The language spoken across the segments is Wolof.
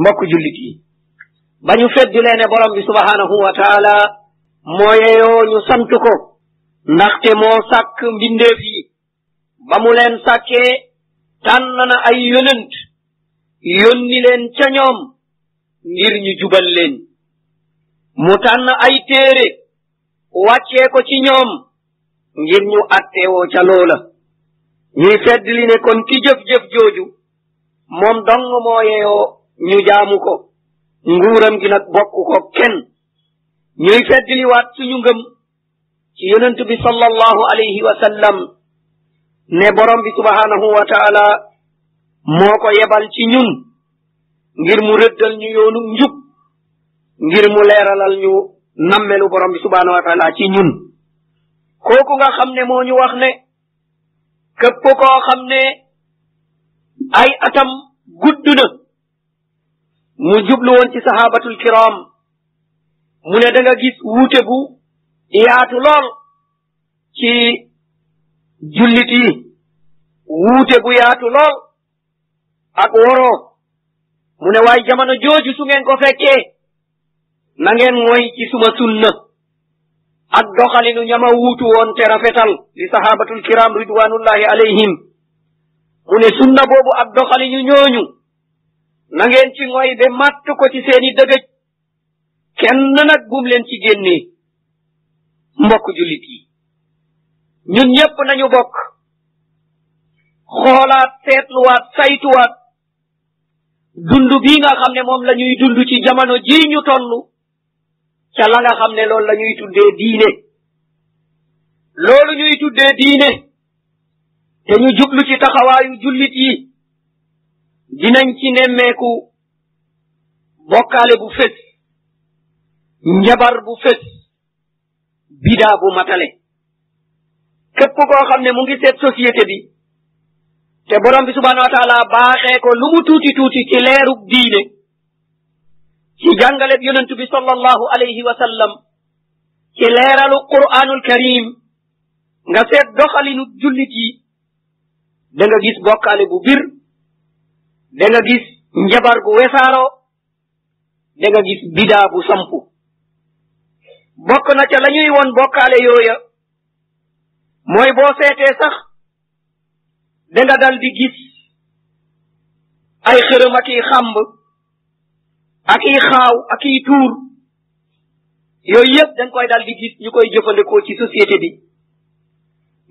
mbokk jullit yi ba ñu feddi lee ne borom bi subhaanahu wa taala moo yeyoo ñu sant ndaxte moo sàkk mbindeef yi ba mu leen sàkkee na ay yonent yónni leen ca ñoom ngir ñu jubal leen mu tànn ay téere wàccee ko ci ñoom ngir ñu àtteewoo ca loola ñuy fedd li ne kon ki jooju moom dong moo ñu jaamu ko nguuram gi nag bokk ko kenn ñuy feddliwaat suñu ngëm ci yonent bi sallallahu alayhi wa sallam ne borom bi subhaanahu wa moo ko yebal ci ñun ngir mu rëddal ñu yoonu njub ngir mu leeralal ñu nammelu borom bi subhaanahu wa taala ci ñun kooku nga xam ne moo ñu wax ne képp koo xam ne ay atam gudd mu jublu woon ci sahabatul kiram mu ne da nga gis wuute bu yaatu lool ci jullit yi bu yaatu lool ak woroo mu ne waaye jamono jooju su ngeen ko fekkee na ngeen mooy ci suma sunna ak doxalinu ñama wuutu woon te rafetal li sahabatul kiram ridwanullahi alayhim mu sunna boobu ak doxalinu ñooñu na ngeen ci ngoy ba màtt ko ci seeni dëgëj kenn nag bum leen ci génnee mbokk jullit yi ñun ñëpp nañu bokk xoolaat seetluwaat saytuwaat dund bii nga xam ne moom lañuy ñuy dund ci jamono jii ñu toll ca la nga xam ne loolu la ñuy tuddee diine loolu ñuy tuddee diine te ñu jublu ci taxawaayu jullit yi dinañ ci nemmeeku bokkaale bu fés njabar bu fés bidaa bu matale képp koo xam ne mu ngi seet bi te borom bi subhaanahu wa baaxee ko lu mu tuuti tuuti ci leerug diine ci jàngaleb yonent bi sallallahu alayhi wa sallam ci quraanul karim nga seet doxalinu jullit yi da gis bokkaale bu bir da nga gis njabar gu wesaaroo da nga gis bidaa bu sampu bokk na ca la ñuy woon bokkaale yooya mooy boo sax da nga dal di gis ay xërëm ak i xàmb ak i xaaw ak i tuur koy dal di gis ñu koy jëfandikoo ci société bi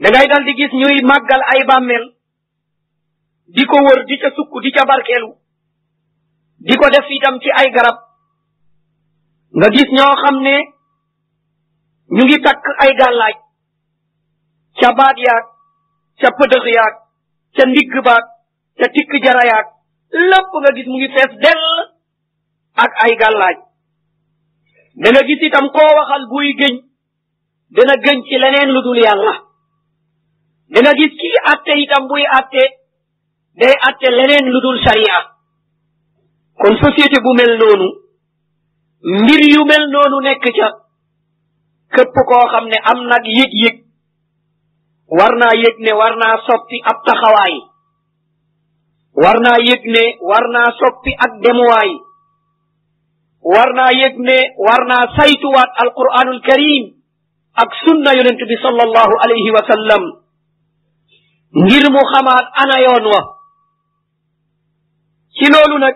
dangay ngay dal di gis ñuy màggal ay bàmmeel di ko wër di ca sukk di ca barkeelu di ko def itam ci ay garab nga gis ñoo xam ne ñu ngi takk ay gàllaaj ca baat yaag ca pëdëx yaag ca ndigg baag ca tikk jara yaag lépp nga gis mu ngi fees dell ak ay gàllaaj da nga gis itam koo waxal buy gëñ dana gëñ ci leneen lu yàlla da gis kii atte itam buy atte day atte leneen lu dul sariya kon société bu mel noonu mbir yu mel noonu nekk ca képp koo xam ne am nag yëg-yëg war naa yëg ne war naa soppi ab taxawaay war naa yëg ne war naa soppi ak demuwaay war naa yëg ne war naa saytuwaat alquranul karim ak sunna yonent bi sallallahu alayhi wa sallam ngir mu xamaat ana yoon wa ci loolu nag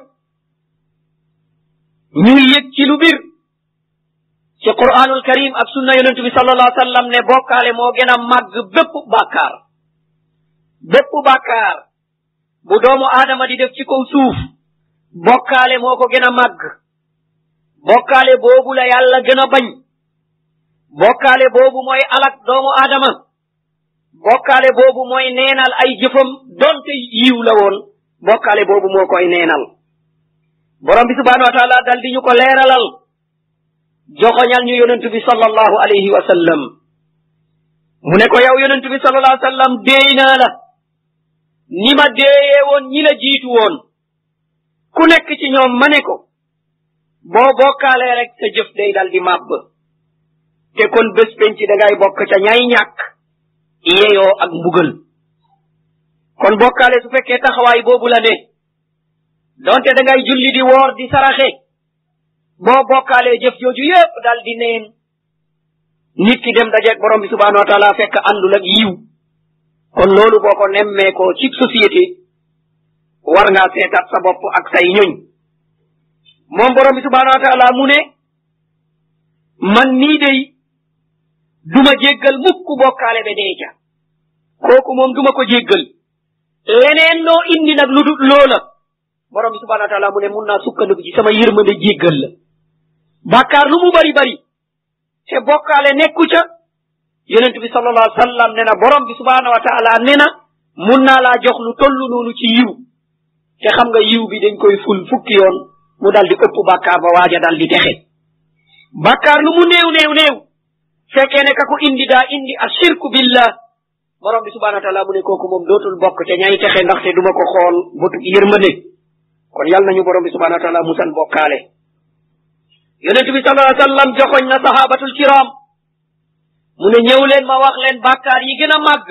ñuy yëg ci lu bir ci qur'anul karim ak sunna yonent bi wa sallam ne bokkaale moo gën a màgg bépp bàkkaar bépp bu doomu aadama di def ci kaw suuf bokkaale moo ko gën a màgg bokkaale boobu la yàlla gën a bañ bokkaale boobu mooy alak doomu aadama bokkaale boobu mooy neenal ay jëfam donte yiw la woon bokkaale boobu moo koy neenal borom bi subhaanahu wa taala ñu ko leeralal joxoñal ñu yonentu bi sallallahu alayhi mu ne ko yow yonentu bi sallallahu alayhi wa sallam déey naa la ma déeyee ñi la jiitu woon ku nekk ci ñoom ma ne ko boo bokkaalee rek sa jëf day dal di màbb te kon bés penc da ngay bokk ca ñay ñàkk yeyoo ak mbugal kon bokkaale su fekkee taxawaay boobu la ne donte da ngay julli di woor di saraxe boo bokkaalee jëf jooju yépp daal di neen nit ki dem dajeeg borom bi subhaanahu wa taala fekk àndul ak yiw kon loolu boo ko nemmee ko ci société war ngaa seetaat sa bopp ak say ñoñ moom borom bi subhaanahu wa taala man nii day duma jéggal mukk bokkaale be dee ca kooku duma ko jéggal leneen loo indi nag lu dul loola borom bi subhaanahu wa taala mu ne mun naa sukkandiku ci sama yërmande jéggal la bàkkaar lu mu bari bari te bokkaale nekku ca yonent bi sallallahu alayhi sallam ne borom bi subhaanahu wa taala ne na mun naa laa jox lu toll ci yiw te xam nga yiw bi dañ koy ful fukki yoon mu dal di ëpp bàkkaar ba waaja dal di texe bàkkaar lu mu néew néew néew fekkee ne ka ko indi daa indi ashirku billah borom bi subhanahu wa taala mu ne kooku moom dootul bokk te ñay texe ndaxte duma ko xool bëtu yërmande kon yàlla nañu borom bi subhanahu wa taala musal bokkaale yonent bi sallallahu alayhi wa sallam joxoñ na sahabatul kiram mu ne ñëw leen ma wax leen bàkkaar yi gën a màgg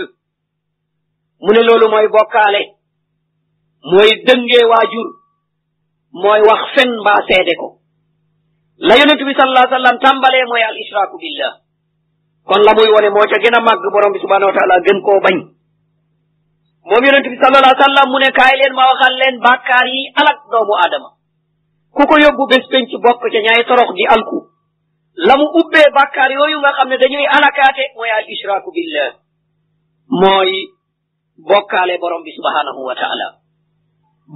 mu ne loolu mooy bokkaale mooy dëngee waajur mooy wax fen mbaa seede ko la yonent bi sallallahu alayhi wa mooy al ishraaku billah kon la muy wone moo ca gën a màgg borom bi subhanahu bañ moom yonent bi sallallahu alayhi wa sallam mu ne kaay leen ma waxal leen bàkkaar yi alak doomu aadama ku ko yóbbu bés penc bokk ca ñaay torox di alku la mu ubbee bàkkaar yooyu nga xam ne dañuy alakaate mooy al ishraaku billah mooy bokkaale borom bi subhanahu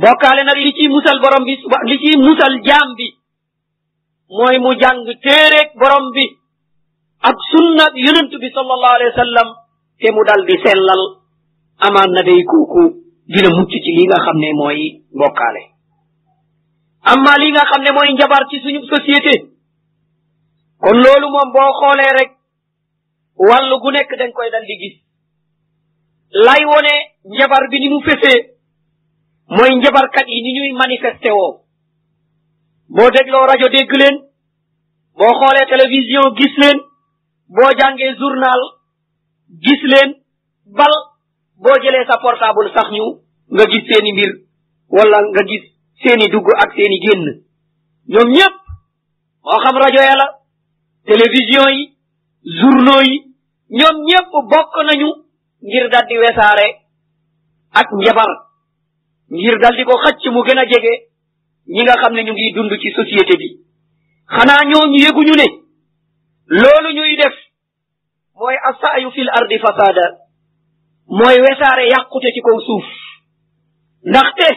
bokkaale nag li ciy musal borom bi suba li ciy musal jaam bi mooy mu jàng téereeg borom ak sunna yonent bi sallallahu alayhi wa sallam te mu dal di sellal amaan na day kooku dina mucc ci li nga xam ne mooy bokkaale amma li nga xam ne mooy njabar ci suñu société kon loolu moom boo xoolee rek wàllu gu nekk dañ koy dal di gis lay wone njabar bi ni mu fesee mooy njabarkat yi ni ñuy manifesté woo boo dégloo rajo dégg leen boo xoolee télévision gis boo jàngee journal gis leen bal boo jëlee sa portable sax ñu nga gis seeni mbir wala nga gis seeni dugg ak seeni génn ñoom ñépp oo xam rajo ya la télévision yi journaux yi ñoom ñépp bokk nañu ngir dal di wesaare ak njabar ngir dal di ko xacc mu gën a jege ñi nga xam ne ñu ngi dund ci société bi xanaa ñooñu yëguñu ne loolu ñuy def mooy saayu fil ardi fasaada mooy wesaare yàqute ci kaw suuf ndaxte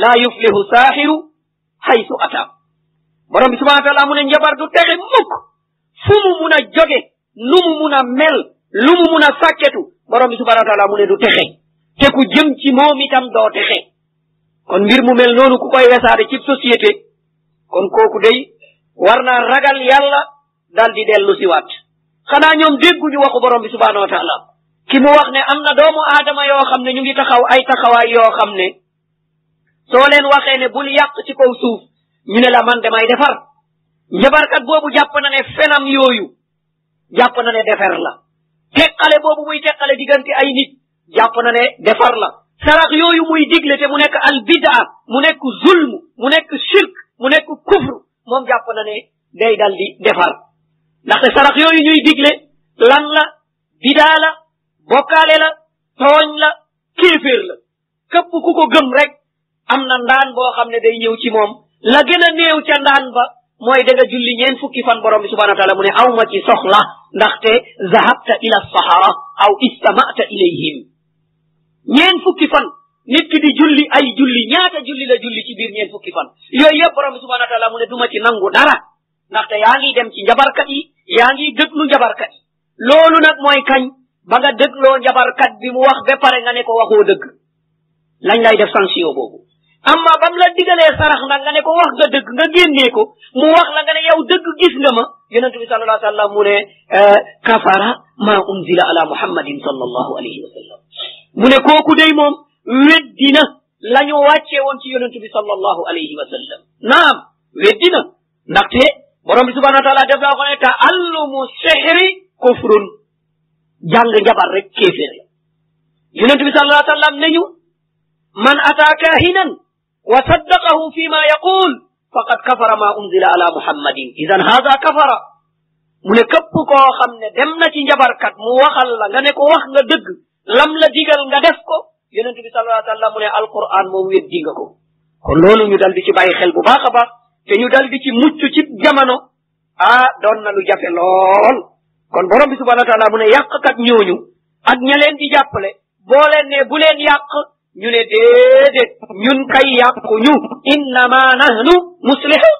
laa yuflihu saaxiru xaysu ata borom bi subhana taala mu ne njabar du texe mukk fu mu mun a joge nu mun a mel lu mun a sàkketu borom bi subhana ne du texe te ku jëm ci moom itam doo texe kon mbir mu mel noonu ku koy wesaare ci société kon kooku day war ragal yàlla daal di dellu siwaat xanaa ñoom dégguñu waxu borom bi subhaanahu wa taala ki mu wax ne am na doomu aadama yoo xam ne ñu ngi taxaw ay taxawaay yoo xam ne soo leen waxee ne bul yàq ci kaw suuf ñu ne la man damay defar njabarkat boobu jàpp na ne fenam yooyu jàpp na ne defar la teqale boobu muy teqale diggante ay nit jàpp na ne defar la sarax yooyu muy digle te mu nekk al bidaa mu nekk zulm mu nekk shirk mu nekk kufr moom jàpp na ne day dal defar ndaxte sarax yooyu ñuy digle lan la bidaa la bokkaale la tooñ la kéeféer ku ko gëm rek am na ndaan boo xam ne day ñëw ci moom la gën a néew ndaan ba mooy da nga julli ñeen fukki fan borom bi subhanahu wa taala mu ne aw ma ci soxla ndaxte zahabta ila sahara aw istamata ilayhim ñeen fukki fan nit di julli ay julli ñaata julli la julli ci biir ñeen fukki fan yooyu yëpp borom bi subhanahu mu ne du ma nangu dara ndaxte yaa dem ci njabarkat yi yaa ngi déglu njabarkat yi loolu nag mooy kañ ba nga dégloo njabarkat bi mu wax ba pare nga ne ko waxoo dëgg lañ lay def sanction boobu amma bam la digalee sarax nag nga ne ko wax nga dëgg nga génnee ko mu wax la nga ne yow dëgg gis nga ma yonent bi sallallahu alayhi wa sallam mu ne eh, kafara ma unzila ala muhammadin sallallahu alayhi wa sallam mu ne kooku day moom weddina la ñu wàccee woon ci yonent bi sallallahu alayhi wa sallam naam weddina ndaxte borom bi subhanahu wa ta'ala def la ko ne ta'allumu sihri kufrun jang njabar rek kefir yunus bi sallallahu alaihi wasallam neñu man ataka hinan wa saddaqahu fima yaqul faqad kafara ma unzila ala muhammadin idan hadha kafara mu ne képp koo xam ne dem na ci njabarkat mu waxal la nga ne ko wax nga dëgg lam la digal nga def ko yonent bi sallallahu alaihi wasallam mu ne alquran moom weddi nga ko kon loolu ñu dal di ci bàyyi xel bu baax a baax te ñu dal ci mucc ci jamono ah doon na lu jafe lool kon borom bi subhanahu wa taala mu ne ñu ñooñu ak ña leen di jàppale boo leen ne bu leen yàq ñu ne déedéet ñun kay yàqu ñu innama nahnu muslihu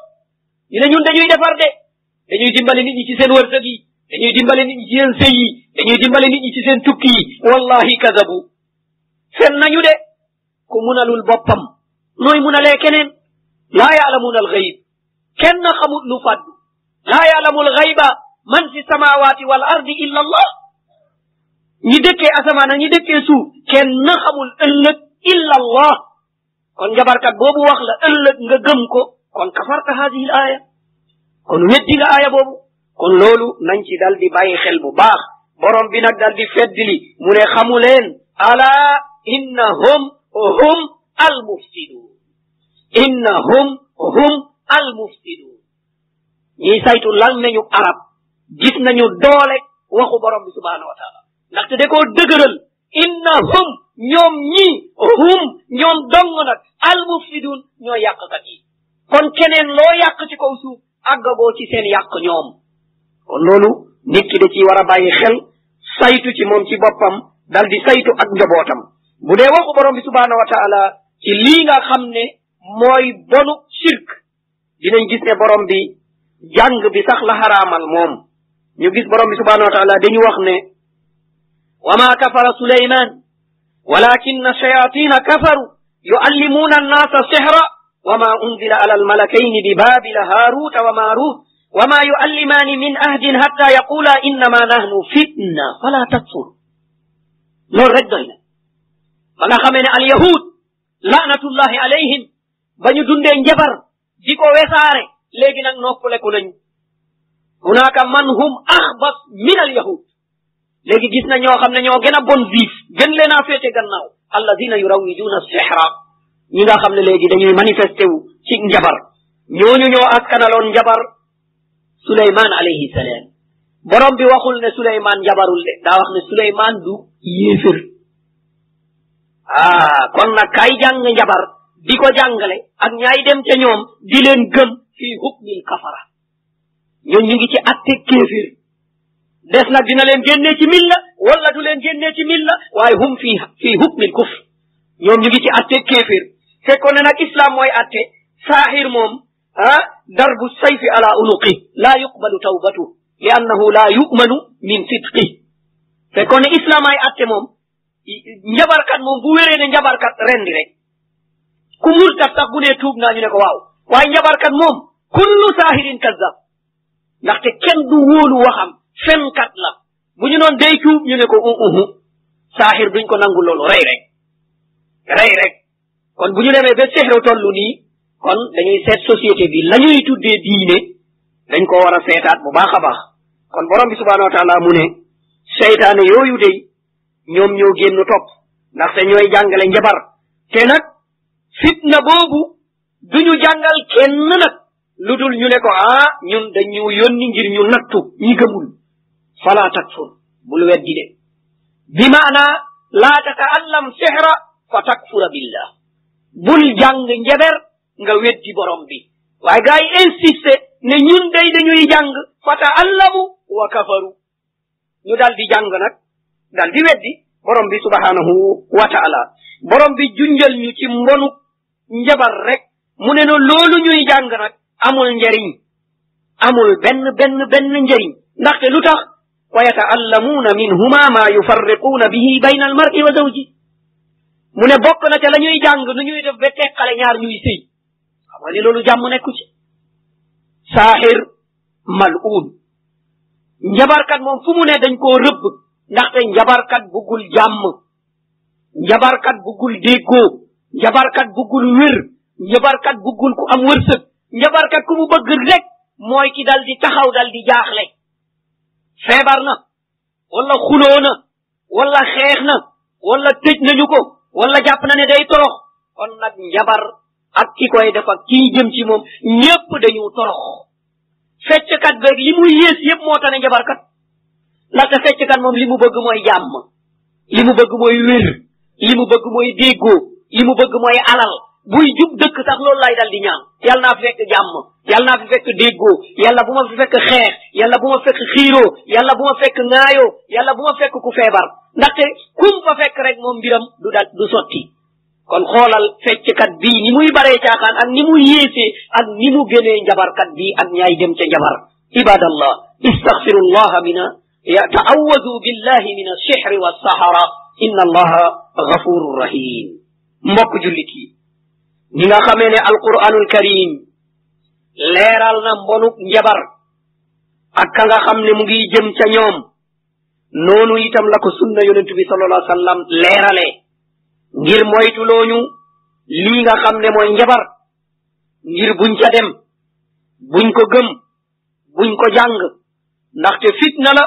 ñu ne ñun dañuy defar de dañuy dimbale nit ñi ci seen wërsëg yi dañuy dimbale nit ñi ci seen sëy yi dañuy dimbale nit ñi ci seen tukki yi wallahi kazabu seen nañu de ku munalul boppam nooy munalee keneen لا يعلمون الغيب كن خمود نفاد لا يعلم الغيب من في السماوات والأرض إلا الله ندك أسمانا ندك سو كن خمود ألت إلا الله كون جبرك بوبو وخلا ألت نغمكو كون كفرت هذه الآية كون ودي الآية بوبو كون لولو ننشي دال دي باي خلبو باخ بروم بنا دال دي فدلي من خمولين ألا إنهم هم المفسدون inna hum hum al mufsidun saytu lan nañu arab gis nañu doole waxu borom bi subhaanahu wa taala ndaxte da koo dëgëral inna hum ñoom ñi hum ñoom dong nag al mufsidun ñoo yàqkat kon keneen loo yàq ci kaw suuf boo ci seen yàq ñoom kon loolu nit ki da ciy war a bàyyi xel saytu ci moom ci boppam dal di saytu ak njobootam bu dee waxu borom bi subhaanahu wa ci lii nga xam ne mooy bonu shirk dinañ gis ne borom bi jàng bi sax la xaraamal moom ñu gis borom bi subhanahu wa taala dañu wax ne wa ma kafara sulayman walakin shayatin kafaru yuallimuna an-nasa sihra wa ma unzila ala al-malakayn bi وما أنزل على الملكين ببابل هاروت وماروت وما يعلمان من أهد حتى يقولا إنما نحن فتنة فلا تكفر لور رجل فلا خمن al-yahud الله alayhim ba ñu dundee njabar di ko wesaare léegi nag noppaleku nañu hunaaka man hum axbas min al yahud léegi gis na ñoo xam ne ñoo gën a bon vif gën leen a féete gannaaw alladina yurawijuuna sixra ñi nga xam ne léegi dañuy manifesté wu ci njabar ñooñu ñoo askanaloon njabar suleyman alayhi borom bi waxul ne suleyman njabarul de daa wax ne suleyman du yéefir ah, kon nag kay jàng njabar di ko jàngale ak ñaay dem ca ñoom di leen gëm fii hukmil ñoom ñu ngi atte kéefir des nag dina leen génnee ci milla wala leen génnee ci milla waaye hum fii fii hukmil kufr ñoom ñu ngi ci atte kéefir fekkoon ne nag islam mooy atte saaxir moom ah darbu sayfi ala unuqi laa yuqbalu tawbatu li annahu laa yumanu min sidqi fekkoon ne islam ay atte moom njabarkat moom bu wéree ne njabarkat rendi rek ku murtat sax bu ne tuub naa ñu ne ko waaw waaye njabarkat moom kullu saahirin kazzab ndaxte kenn du wóolu waxam fenkat la bu ñu noon day tuub ñu ne ko uuhu uh, uh. saahir duñ ko nangu loolu rey rek rey rek kon bu ñu demee ba sexru toll nii kon dañuy seet société bi lañuy ñuy tuddee diine dañ ko war a seetaat bu baax a baax kon borom bi subhaanahu wa mu ne seytaane yooyu day ñoom ñoo génn topp ndaxte ñooy jàngale njabar te nag fitna boobu duñu jàngal kenn nag lu dul ñu ne ko ah ñun dañu yónni ngir ñu nattu ñi gëmul fala takfur bul weddi de bi maanaa laa tataallam sihra fa takfura billah bul jàng njeber nga weddi borom bi waaye gars yi insisté ne ñun day dañuy jàng fa taallamu wa kafaru ñu dal di jàng nag dal weddi borom bi subhanahu wa taala borom bi junjal ñu ci njabar rek mu ne no loolu ñuy jàng nag amul njariñ amul benn benn benn njariñ ndaxte lu tax wa yataallamuuna minhuma maa yufarriquuna bihi bayna al mar'i wa zawji mu ne bokk na ca la ñuy jàng nu ñuy def ba teqale ñaar ñuy sëy xam ni loolu jàmm nekku ci saaxir mal'uun njabarkat moom fu mu ne dañ koo rëbb ndaxte njabarkat buggul jàmm njabarkat buggul déggoo njabarkat buggul wér njabarkat am wërsëg njabarkat ku mu bëgg rek mooy ki dal di taxaw dal di jaaxle feebar na wala xuloo na wala xeex na ñu ko wala jàpp na ne day torox kon nag njabar ak ki koy def ak kii jëm ci moom ñépp dañu torox fecckat beeg li mu yées yépp moo tane njabarkat ndaxte fecckat moom li mu bëgg mooy jàmm li mu bëgg mooy wér li mu bëgg mooy déggoo li mu bëgg mooy alal buy jub dëkk sax loolu lay dal di ñaan yàlla naa fi fekk jàmm yàlla naa fi fekk déggo yàlla bu ma fi fekk xeex yàlla bu ma fekk xiiroo yàlla bu ma fekk ŋaayoo yàlla bu ma fekk ku feebar ndaxte kum fa fekk rek moom mbiram du dal du sotti kon xoolal fecckat bii ni muy baree caaxaan ak ni muy yéesee ak ni mu gënee njabarkat bii ak ñaay dem ca njabar ibadallah istaghfirullaha mina ya ta'awwadu billahi min ash-shihri was-sahara inna allaha ghafurur rahim mbok jullit yi ni nga xamee ne alquranul karim leeral na mbonu njabar ak ka nga xam ne mu ngi jëm ca ñoom noonu itam la ko sunna yonent bi sallallahu alayhi wa sallam leerale ngir moytu looñu lii nga xam ne mooy njabar ngir ca dem buñ ko gëm buñ ko jàng ndaxte fitna nala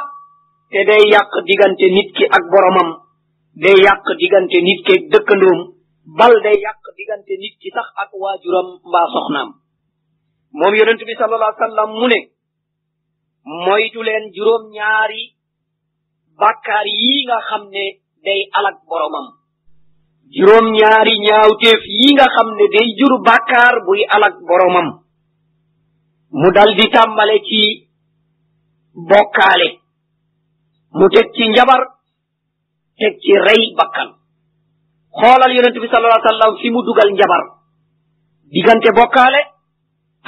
te day yàq diggante nit ki ak boromam day yàq diggante nit ki dëkkandoom bal day yàq diggante nit sax ak waajuram mbaa soxnaam moom yonent bi sallallahu alayhi wasallam mu ne moytu leen juróom ñaari bàkkaar yi nga xam ne day alak boromam juróom ñaari ñaawteef yi nga xam ne day jur bàkkaar buy alak boromam mu daldi di tàmbale ci bokkaale mu teg njabar teg rey bakkan xoolal yonent bi sallallahu alayhi wa sallam fi mu dugal njabar diggante bokkaale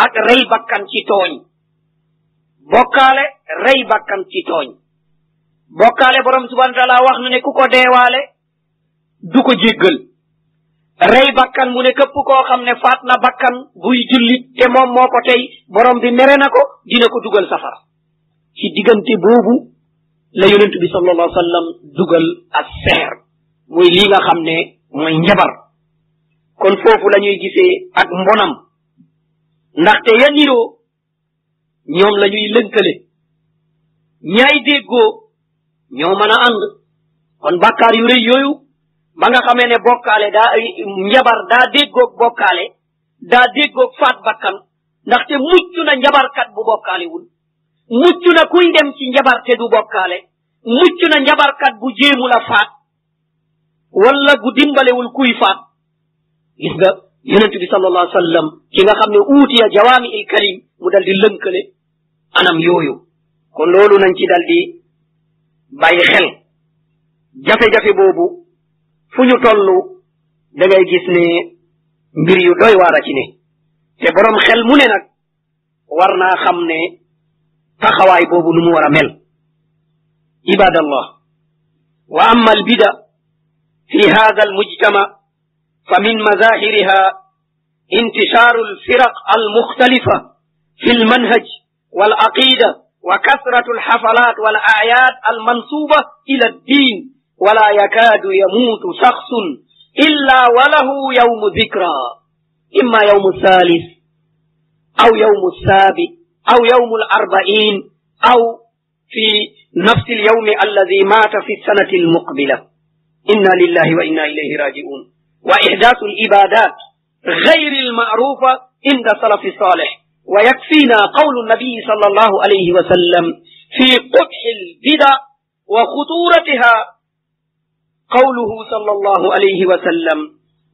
ak rey bakkan ci tooñ bokkaale rey bakkan ci tooñ bokkaale borom subhanahu wa taala wax na ne ku ko deewaale du ko jéggal rey bakkan mu ne képp koo xam ne faat na bakkan buy jullit te moom moo ko tey borom bi mere na ko dina ko dugal safara ci diggante boobu la yonent bi sallallahu alayhi wa sallam dugal as seer muy lii nga xam ne mooy njabar kon foofu la ñuy gisee ak mbonam ndaxte ya niroo ñoom la ñuy lënkale ñaay déggoo ñoo mën a ànd kon bàkkaar yu rëy yooyu ba nga xamee ne bokkaale daa njabar daa déggoog bokkaale daa déggoog faat bakkan ndaxte mucc na njabarkat bu bokkaalewul mucc na kuy dem ci njabar te du bokkaale mucc na njabarkat bu jéemu la faat wala gu dimbalewul kuy faat gis nga yonent bi sallallahu sallam ki nga xam ne uutiya jawaami il kalim mu dal di anam yooyu kon loolu nañ ci dal di bàyyi xel jafe-jafe boobu fu ñu toll da gis ne mbir doy waar ci ne te borom xel mu ne nag war naa xam ne taxawaay boobu nu mu war a mel ibadallah wa amma al في هذا المجتمع فمن مظاهرها انتشار الفرق المختلفة في المنهج والعقيدة وكثرة الحفلات والأعياد المنصوبة إلى الدين ولا يكاد يموت شخص إلا وله يوم ذكرى إما يوم الثالث أو يوم السابع أو يوم الأربعين أو في نفس اليوم الذي مات في السنة المقبلة إنا لله وإنا إليه راجعون وإحداث العبادات غير المعروفة عند سلف الصالح ويكفينا قول النبي صلى الله عليه وسلم في قبح البدع وخطورتها قوله صلى الله عليه وسلم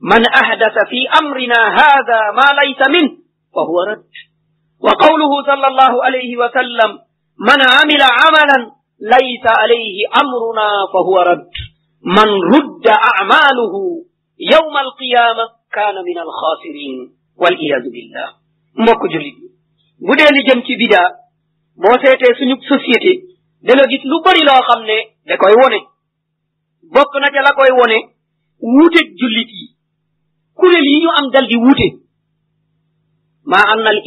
من أحدث في أمرنا هذا ما ليس منه فهو رد وقوله صلى الله عليه وسلم من عمل عملا ليس عليه أمرنا فهو رد man rudda amaluhu yawma alqiyama kaana min alxaasirin wal iyaadu billah mbokk jullit bi dee li jëm ci bidaa boo seetee suñu société dana lu bëri loo xam ne da koy wone bokk na ca la koy wone wuuteeg jullit yi kuréel yi am dal di wuute maa anna al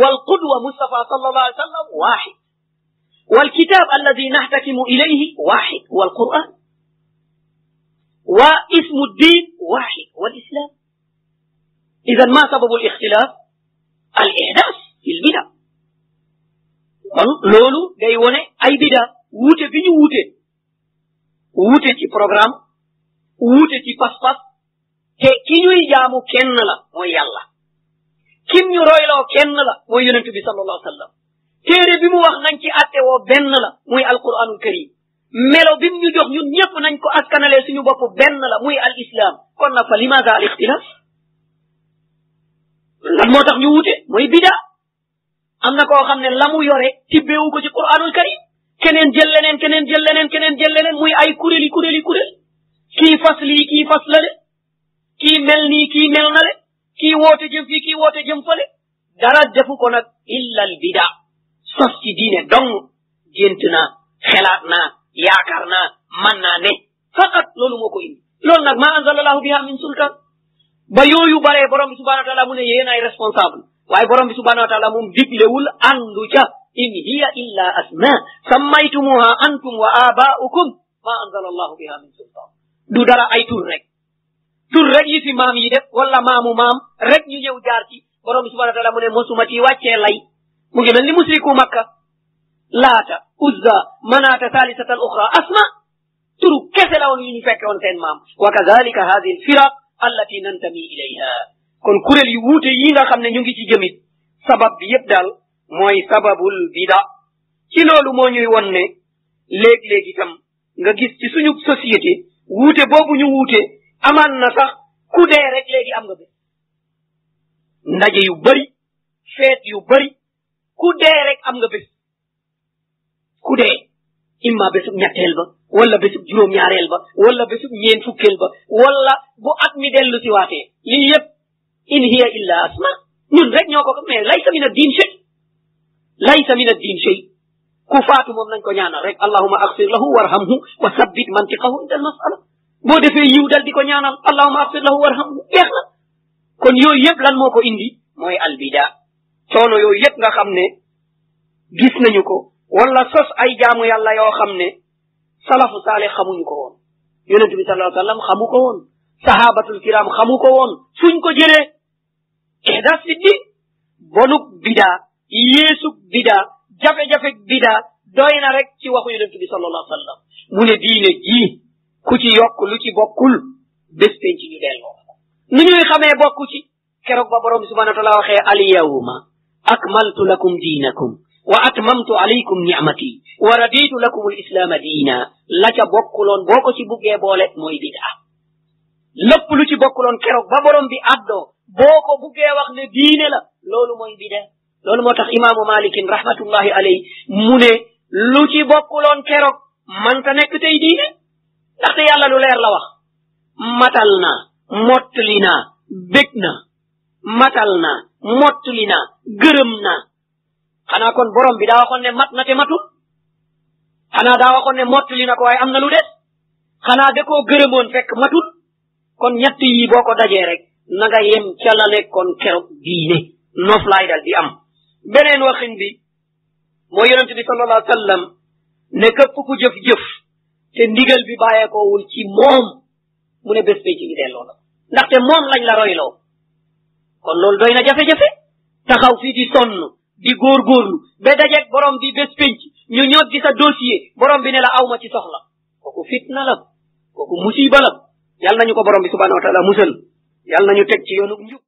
wal qudwa Mustafa sallallahu والكتاب الذي نحتكم إليه واحد هو القرآن واسم الدين واحد هو الإسلام إذا ما سبب الاختلاف الإحداث في البدع لولو جايوني أي بدا ووتي في ووتي ووتي تي بروغرام ووتي تي باس باس كي كينو يامو كن لا ويالا كينو رويلو كن لا ويونتبي صلى الله عليه وسلم téere bi mu wax nañ ci àtte woo benn la muy alquranul karim melo bi mu ñu jox ñun ñëpp nañ ko askanale suñu bopp benn la muy al islam kon na fa limaza al ixtilaf lan moo tax ñu wute mooy bida am na koo xam ne la mu yore tibbeewu ko ci quranul karim keneen jël leneen keneen jël leneen keneen jël muy ay kuréeli kuréeli kuréel kii fas lii kii fas la le kii mel nii kii mel le kii woote jëm fii kii woote jëm fale dara defu ko illa al sos ci diine dong gént naa xelaat naa yaakaar naa man naa ne faqat loolu moo ko indi loolu nag maa anzalallahu biha min sultan ba yooyu baree borom bi subhanahu wa taala mu ne ay responsable waaye borom bi subhanahu wa taala moom diglewul àndu ca in hiya illa asma sammaytumuha antum wa aba'ukum ma anzalallahu biha min sultan du dara ay tur rek tur rek yi fi maam yi def wala maamu maam rek ñu ñëw jaar ci borom bi subhanahu wa taala mu ne mosuma ci lay mu ngi mel ni musriku makka laata uzza manaata thalithatan ukhra asma turu kese la woon yu ñu fekke woon seen maam wa kadhalika hadhihi alfiraq allati nantami ilayha kon kuréel yu wuute yi nga xam ne ñu ngi ci jëmit sabab bi yëpp daal mooy sababul bida ci loolu moo ñuy won ne léeg-léeg itam nga gis ci suñu société wuute boobu ñu wuute amaan na sax ku dee rek am nga bés ndaje yu bari feet yu bari ku dee rek am nga bés ku dee imma bésub ñetteel ba wala bésub juróom-ñaareel ba wala bésub ñeen fukkeel ba wala bu at mi dellu si waatee lii yëpp in hiya illa asma ñun rek ñoo ko ko mais laysa min ad-diin shay ku faatu moom nañ ko ñaanal rek allahuma axfir lahu warhamhu wa sabbit mantiqahu inda al-mas'ala defee yiw di ko ñaanal allahuma axfir lahu warhamhu jeex kon yooyu yëpp lan moo ko indi mooy albida coono yooyu yëpp nga xam ne gis nañu ko wala sos ay jaamu yàlla yoo xam ne salafu saalih xamuñu ko woon yonent bi sallallahu xamu ko woon sahabatul kiram xamu ko woon suñ ko jëlee ihdas siddi bonuk bidaa yéesuk bidaa jafe-jafek bidaa doy rek ci waxu yonent bi sallallahu alayhi wasallam mu ne diine jii ku ci yokk lu ci bokkul bés penc ñu delloo ni ñuy xamee bokku ci keroog ba borom subhanahu wa taala waxee al أكملت لكم دينكم وأتممت عليكم نعمتي ورضيت لكم الإسلام دينا la ca bokkuloon boo ko ci buggee boole mooy bidaa lépp lu ci bokkuloon keroog ba borom bi addoo boo ko buggee wax ne diine la loolu mooy bidaa loolu moo tax imaamu malikin rahmatullahi alay mu ne lu ci bokkuloon keroog manta nekk tey diine ndaxte yàlla lu leer la wax matal naa mottali naa bég na matal naa mottuli naa gërëm na xanaa kon borom bi daa waxoon ne mat na te matul xanaa daa waxoon ne mottuli na ko waaye am na lu des xanaa da koo fekk matul kon ñett yi boo ko dajee rek na nga yem ca la nekkoon keroog diine noof laay dal di am beneen waxin bi moo yonente bi sallallahu alayhi wa sallam ne képp ku jëf-jëf te ndigal bi bàyyeekoowul ci moom mu ne bés ba ci delloo la ndaxte moom lañ la royloo kon loolu doy na jafe-jafe taxaw fii di sonn di góorgóorlu ba dajeeg borom bi bés pénc ñu ñoog gi sa dossier borom bi ne la awma ci soxla kooku fitna la kooku musiba la yàlla nañu ko borom bi subhanahu wa taala yal na ñu teg ci yoonu njub